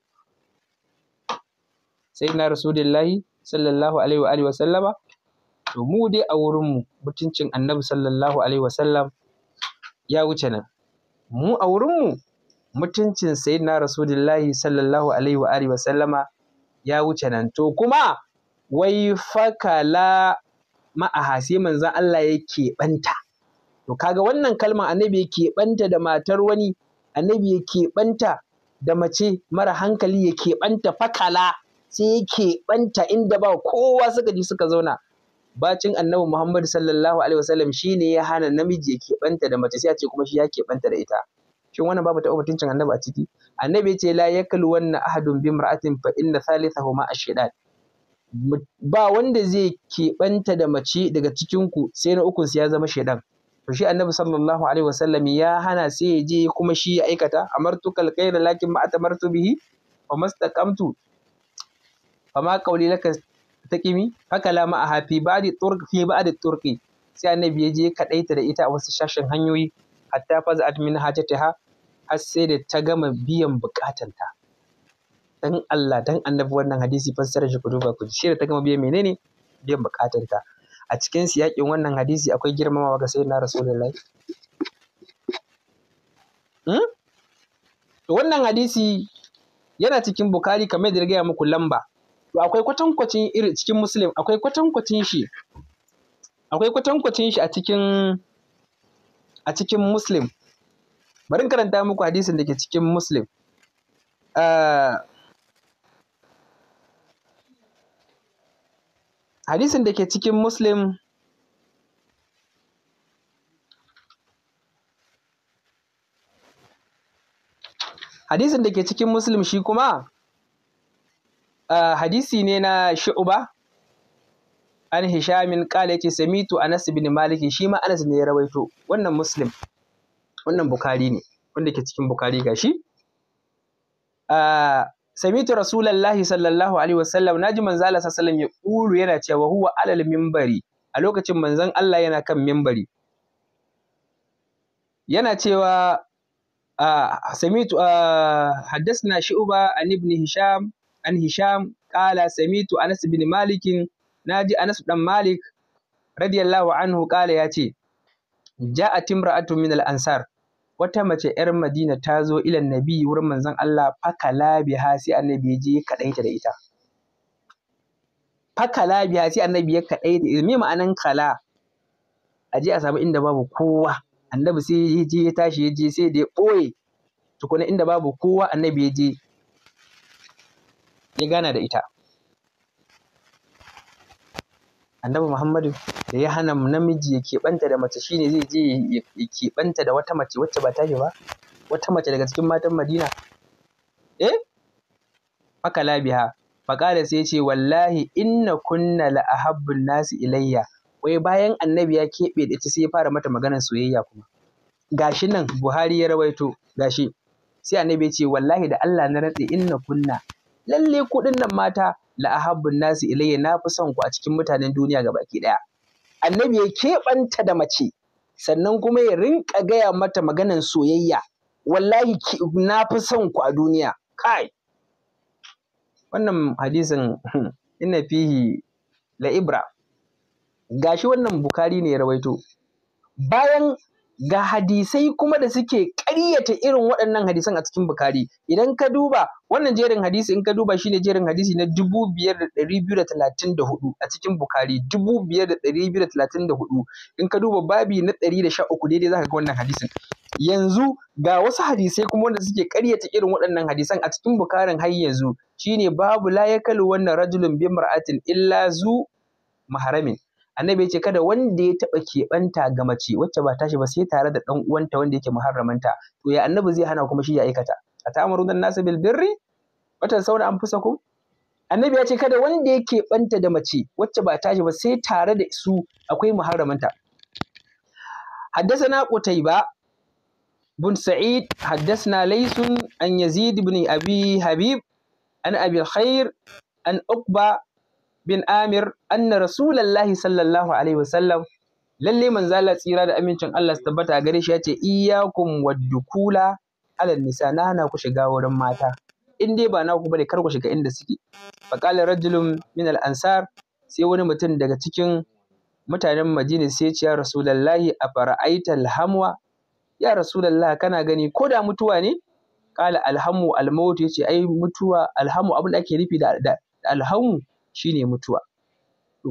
sayyidina rasulillahi sallallahu alaihi wa alihi sallama to mu dai a wurin mu mutuncin annabi sallallahu alaihi wa sallam ya wuce nan mu a wurin mu mutuncin sayyidina rasulillahi sallallahu alaihi wa alihi sallama ya wuce nan to kuma wai fakala ma'aha sai manzon Allah ya keɓanta to kaga wannan kalma annabi ya keɓanta da matar wani annabi ya keɓanta da mace mara hankali ya keɓanta fakala sai keɓanta keɓanta inda ba kowa suka ji suka zauna bacin annabi Muhammadu sallallahu alaihi wasallam shine ya hana namiji ya keɓanta da mace sai a ce kuma shi ya keɓanta da ita shin wannan babu ta mutuncin annabi a ciki annabi ya ce la yakal wannan ahadun bi mar'atin fa inna thalithahu ma shaytan ba wanda zai keɓanta da mace daga cikin ku sai na ukun ya zama shaidan to shi annabi sallallahu alaihi wasallam ya hana sai ya je kuma shi ya aikata amartu kalkaina lakin ma atamartu bihi wa mastaqamtu fama qauli laka taqimi haka la ma hafi ba'di turq fi ba'di sai annabi ya je kadaita da ita a wasu shashin hanyoyi hatta faza admin hajataha har sai da ta gama biyan bukatanta dan Allah dan annabi wannan hadisi fassara shi ku duba ku shi da ta gama biyan menene biyan bukatanta a cikin siyakin wannan hadisi akwai girmamawa ga sayyidina rasulullahi hmm? to wannan hadisi yana cikin bukari kamar da gaya muku lamba to akwai kwatankwacin iri cikin musulun? akwai kwatankwacin shi akwai kwatankwacin shi a cikin a cikin musulun bari in karanta muku hadisin da ke cikin musulun. Ah, hadisin da ke cikin musulun, hadisin da ke cikin musulun shi kuma Ah, hadisi ne na shu'uba an hishamin kala yace samitu anas bin Maliki, shi ma anas ne ya rawaito wannan muslim wannan bukari ne wanda ke cikin bukari gashi ah, samitu rasulullahi sallallahu alaihi wasallam naji manzo Allah sallallahu alaihi wasallam ya kulu yana cewa huwa alal minbari a lokacin manzon Allah yana kan minbari yana cewa ah, samitu haddasna shu'ba an ibn hisham an Hisham qala samitu Anas bin Malik naji Anas dan Malik radiyallahu anhu qala yace ja'at imra'atu min al-ansar wata mace yar Madina ta zo ilan nabi wurin manzon Allah fakala biha sai annabi ji kadaita da ita fakala biha sai annabi ya kaɗai da me ma'anan kala a a samu inda babu kowa annabi sai ya je ya tashi ya je sai da ya boye tukuna inda babu kowa annabi ya je ya gana da ita annabi muhammadu da ya hana namiji ya keɓanta da mace shine zai je ya keɓanta da wata mace wacce ba tashi ba wata mace daga cikin matan madina eh fakala biya, faƙala sai ce wallahi inna kunna la habbin nasi ilayya wai bayan annabi ya keɓe da ita sai ya fara mata maganar soyayya kuma gashi nan buhari ya rawaito gashi sai annabi ya ce wallahi da allah na ratse inna kunna Lallai kuɗin nan mata la ahabbun nasi ilayya na fi son ku a cikin mutanen duniya ga baki ɗaya. Annabi ya keɓanta da mace sannan kuma ya rinƙa gaya mata maganan soyayya wallahi na fi son ku a duniya kai wannan hadisin inna fihi la ibra gashi wannan bukari ne ya rawaito bayan ga hadisai kuma da suke ƙaryata irin waɗannan hadisan a cikin Bukhari idan ka duba wannan jerin hadisi in ka duba shine jerin hadisi na 5234 a cikin Bukhari 5234 in ka duba babi na 113 daidai zaka ga wannan hadisin yanzu ga wasu hadisai kuma wanda suke ƙaryata irin waɗannan hadisan a cikin Bukharin har yanzu shine babu la yakalu wannan rajulun bi mar'atin illa zu maharamin annabi ya ce kada wanda ya taɓa keɓanta ga mace wacce ba tashi ba sai tare da ɗan uwanta wanda yake muharramanta to ya annabi zai hana kuma shi ya aikata a ta'amuru dan nasu bil birri watan sauna an fusa ku annabi ya ce kada wanda ya keɓanta da mace wacce ba tashi ba sai tare da su akwai muharramanta حدثنا ba, bun Sa'id, حدثنا ليس an yazid بن أبي Habib, an أبي Khair, an أقبة bin Amir anna Rasulullahi sallallahu alaihi wasallam lalle manzala tsira da amincin Allah su tabbata a gare shi ya ce iyyakum waddukula alal nisa na hana ku shiga wurin mata in dai ba na ku bane kar ku shiga inda suke qala rajulun min al ansar sai wani mutum daga cikin mutanen Madina sai ce ya Rasulullahi a fara'aita hamwa ya Rasulullah kana gani ko da mutuwa ne qala alhamu almaut yace ai mutuwa alhamu abin da ake nufi da alhamu shine mutuwa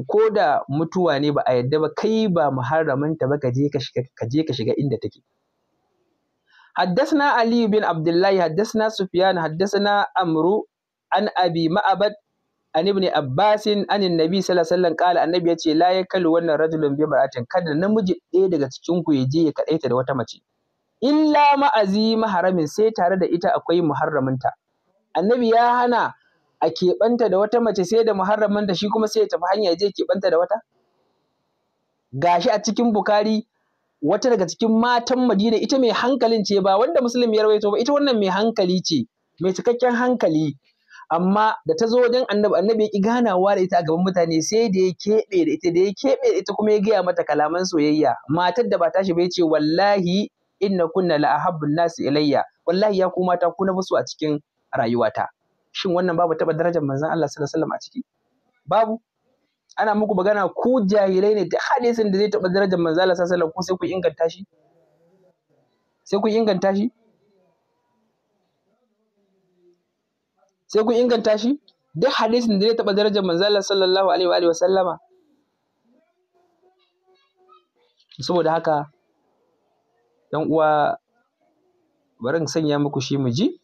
ko da mutuwa ne ba a yarda ba kai ba muharramin ba kaje ka shiga inda take haddathana Aliyu bin abdullahi haddathana sufyan haddathana amru an abi ma'abad an ibn abbas an annabi sallallahu alaihi wasallam kala annabi yace wannan rajulun bi maratin kada namiji ɗaya daga cikin ku yaje ya kada ita da wata mace illa ma'azi maharamin sai tare da ita akwai muharramin ta annabi ya hana a keɓanta da wata mace sai da muharramanta shi kuma sai ya tafi hanya je keɓanta da wata gashi a cikin bukari wata daga cikin matan madina ita mai hankalin ce ba wanda Musulmi ya rawaito ba ita wannan mai hankali ce mai cikakken hankali amma da ta zo wajen annabi annabi ya ki ganawa da ita a gaban mutane sai da ya keɓe da ita da ya keɓe da ita kuma ya gaya mata kalaman soyayya matar da ba tashi ba ya ce wallahi inna kunna la nasi nasu ilayya wallahi ya kuma ta kuna musu a cikin rayuwata shin wannan babu taba darajar manzon Allah sallallahu alaihi wasallam a ciki babu ana muku magana ku jahilai ne da hadisin da zai taba darajar manzon Allah sallallahu alaihi wasallam ko sai ku inganta shi sai ku inganta shi sai ku inganta shi duk hadisin da zai taba darajar manzon Allah sallallahu alaihi wa sallama saboda haka dan uwa bari in sanya muku shi mu ji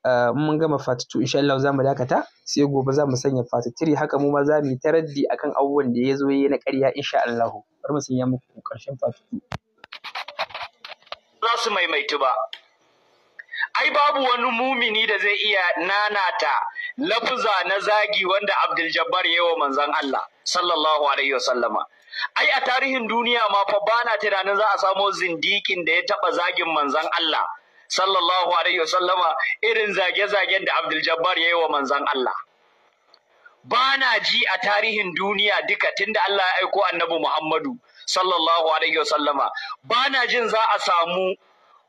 Eh, mun gama Fati 2 insha Allah za mu dakata sai gobe za mu sanya Fati 3 haka mu ma za mu yi taraddi akan abubuwan da ya zo yi na ƙarya insha Allah bari mu sanya muku ƙarshen fati 2 za su maimaitu ba ai babu wani mumini da zai iya nanata lafuza na zagi wanda Abdul Jabbar ya wa manzon Allah sallallahu alaihi wasallama ai a tarihin duniya ma fa bana tunanin za a samo zindikin da ya taɓa zagin manzon Allah sallallahu alaihi wasallama irin zage-zagen da Abdul Jabbar ya yi wa manzan Allah. Bana ji a tarihin duniya duka tunda Allah ya aiko annabi Muhammadu sallallahu alaihi wasallama bana jin za a samu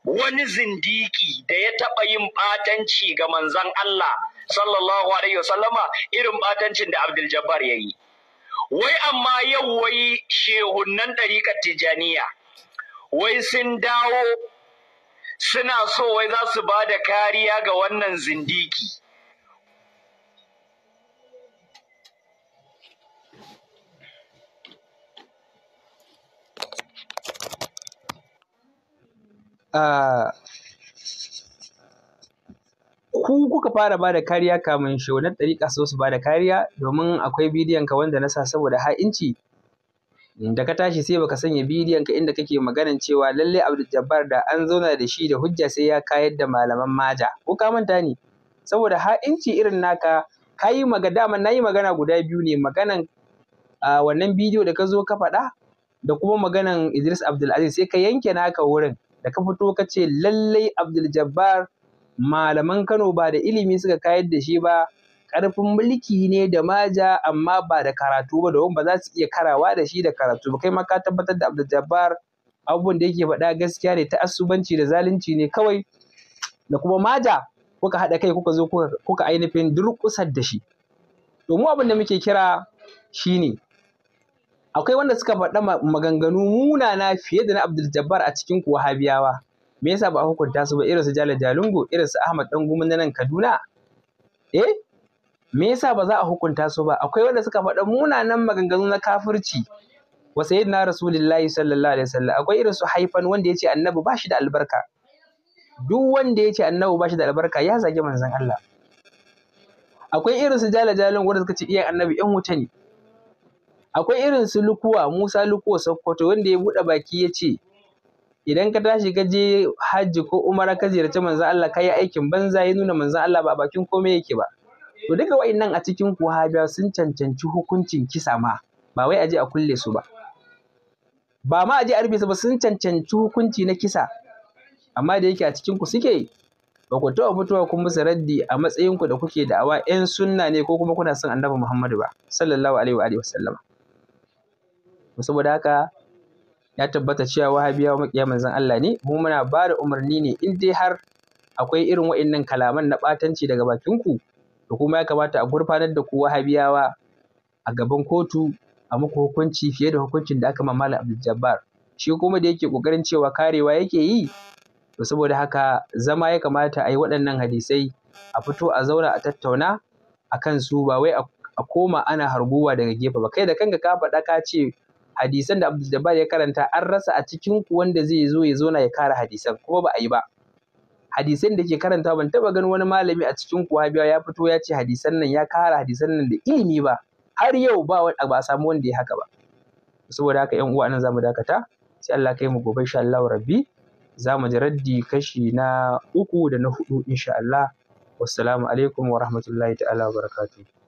wani zindiki da ya taɓa yin ɓatanci ga manzan Allah sallallahu alaihi wasallama irin ɓatancin da Abdul Jabbar ya yi. Wai amma yau wai shehunan ɗariƙar Tijjaniya, wai sun dawo suna so wai za su ba da kariya ga wannan zindiki. Ah. Ku kuka fara ba da kariya kamun shi wannan ɗariƙa su ba da kariya domin akwai bidiyon ka wanda na sa saboda ha'inci da ka tashi sai baka sanya bidiyon ka inda kake maganan cewa lalle Abdul da an zauna da shi da hujja sai ya kayar da malaman maja ko ka manta ne saboda ha'inci irin naka kayi maga dama nayi magana guda biyu ne maganan wannan bidiyo da ka zo ka faɗa da kuma maganan Idris Abdul Abdulaziz sai ka yanke naka wurin da ka fito ka ce lallai Abdul malaman Kano ba da ilimi suka kayar da shi ba ƙarfin mulki ne da maja amma ba da karatu ba domin ba za su iya karawa da shi da karatu ba kai ma ka tabbatar da Abdul Jabbar abubuwan da yake faɗa gaskiya ne ta asubanci da zalunci ne kawai da kuma maja kuka haɗa kai kuka zo kuka ainihin durƙusar da shi domin abin da muke kira shine akwai wanda suka faɗa maganganu munana fiye da na Abdul Jabbar a cikin kuwa Habiyawa me yasa ba a hukunta su ba irin su jalal Jalungo irin su Ahmad dan na nan Kaduna eh me yasa ba za a hukunta su ba akwai wanda suka faɗa munanan maganganu na kafirci wa sayyidina rasulullahi sallallahu alaihi wasallam akwai irin su haifan wanda yace annabi ba shi da albarka duk wanda yace annabi ba shi da albarka ya zagi manzon Allah akwai irin su jalajalin wanda suka ce iyan annabi yan wuta ne akwai irin su lukuwa Musa lukuwa Sokoto wanda ya buɗe baki ya ce idan ka tashi ka je hajji ko umara ka ziyarci manzon Allah ka yi aikin banza ya nuna manzon Allah ba bakin komai yake ba to duka nan a cikin wahabiya sun cancanci hukuncin kisa ma ba wai aje a kulle su ba ba ma aje a rufe su ba sun cancanci hukunci na kisa amma da yake a cikin ku suke ba ku taɓa fitowa kun musu raddi a matsayin ku da kuke da'awa 'yan sunna ne ko kuma kuna son annabi Muhammadu ba sallallahu alaihi wa alihi wasallama saboda haka ya tabbata cewa wahabiyawa makiya manzon Allah ne mu muna ba da umarni ne in dai har akwai irin nan kalaman na ɓatanci daga bakin ku to kuma ya kamata a gurfanar da ku wahabiyawa a gaban kotu a muku hukunci fiye da hukuncin da aka ma malam abdul jabbar shi kuma da yake kokarin cewa karewa yake yi to saboda haka zama ya kamata a yi waɗannan hadisai a fito a zauna a tattauna a kan su ba wai a koma ana harguwa daga gefe ba kai da kanka ka faɗa ka ce hadisan da Abdul Jabbar ya karanta an rasa a cikin ku wanda zai zo ya zauna ya kara hadisan kuma ba a yi ba hadisan da ke karanta ban taba ganin wani malami a cikin kuwa biya ya fito ya ce hadisan nan ya kara hadisan nan da ilimi ba har yau ba ba samu wanda ya haka ba saboda haka yan uwa nan zamu dakata sai Allah kai mu gobe insha Allah rabbi zamu ji raddi kashi na uku da na hudu insha Allah wassalamu alaikum wa rahmatullahi ta'ala wa barakatuh